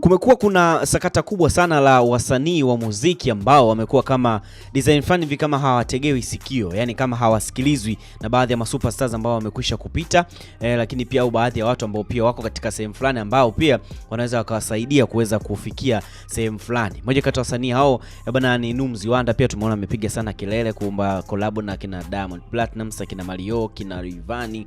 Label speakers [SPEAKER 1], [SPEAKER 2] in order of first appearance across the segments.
[SPEAKER 1] Kumekuwa kuna sakata kubwa sana la wasanii wa muziki ambao wamekuwa kama design fan hivi kama hawategewi sikio, yani kama hawasikilizwi na baadhi ya masuperstars ambao wamekwisha kupita eh, lakini pia au baadhi ya watu ambao pia wako katika sehemu fulani ambao pia wanaweza wakawasaidia kuweza kufikia sehemu fulani. Mmoja kati ya wasanii hao eh, bwana ni Numzi Wanda, pia tumeona amepiga sana kelele kuomba collab na kina Diamond Platnumz, kina Mario, kina Rivani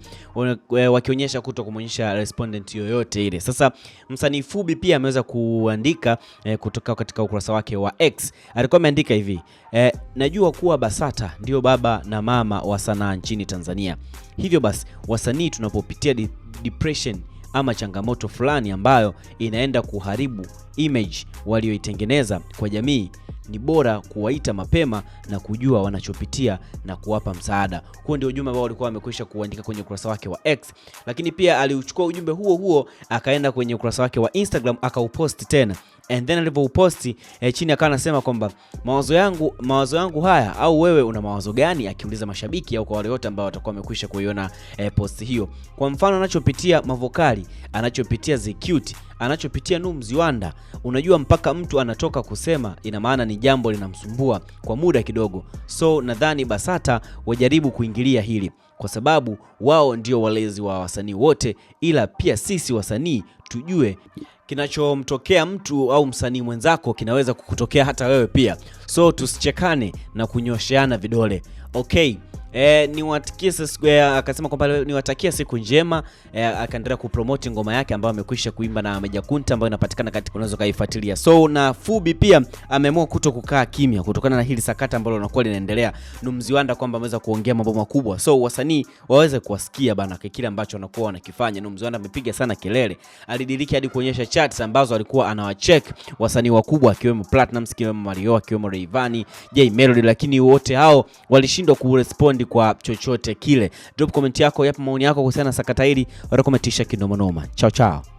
[SPEAKER 1] eh, wakionyesha kuto kumwonyesha respondent yoyote ile. Sasa msanii Fubi pia ame ameweza kuandika eh, kutoka katika ukurasa wake wa X. Alikuwa ameandika hivi eh, najua kuwa BASATA ndio baba na mama wa sanaa nchini Tanzania. Hivyo basi wasanii tunapopitia di depression ama changamoto fulani ambayo inaenda kuharibu image walioitengeneza kwa jamii ni bora kuwaita mapema na kujua wanachopitia na kuwapa msaada. Huo ndio ujumbe ambao walikuwa wamekwisha kuandika kwenye ukurasa wake wa X, lakini pia aliuchukua ujumbe huo huo akaenda kwenye ukurasa wake wa Instagram akauposti tena and then alivyouposti eh, chini akawa anasema kwamba mawazo yangu, mawazo yangu haya au wewe una mawazo gani, akiuliza mashabiki au kwa wale wote ambao watakuwa wamekwisha kuiona eh, posti hiyo. Kwa mfano anachopitia Mavokali anachopitia Zecute, anachopitia Nuh Mziwanda, unajua mpaka mtu anatoka kusema, ina maana ni jambo linamsumbua kwa muda kidogo. So nadhani Basata wajaribu kuingilia hili kwa sababu wao ndio walezi wa wasanii wote, ila pia sisi wasanii tujue kinachomtokea mtu au msanii mwenzako kinaweza kukutokea hata wewe pia, so tusichekane na kunyosheana vidole okay. E, eh, niwatakie square eh, akasema kwamba niwatakia siku njema e, akaendelea kupromote ngoma yake ambayo amekwisha kuimba na Meja Kunta ambayo inapatikana katika, unaweza kaifuatilia. So na Fubi pia ameamua kuto kukaa kimya kutokana na hili sakata ambalo linakuwa linaendelea Numziwanda, kwamba ameweza kuongea mambo makubwa, so wasanii waweze kuwasikia bana kile ambacho wanakuwa wanakifanya. Numziwanda amepiga sana kelele, alidiriki hadi kuonyesha charts ambazo alikuwa anawacheck wasanii wakubwa akiwemo Platinum, akiwemo Mario, akiwemo Rayvanny, Jay Melody, lakini wote hao walishindwa kurespond kurekondi kwa chochote kile. Drop comment yako, yapa maoni yako kuhusiana na sakata hili, warekometisha kinomanoma. Chao chao.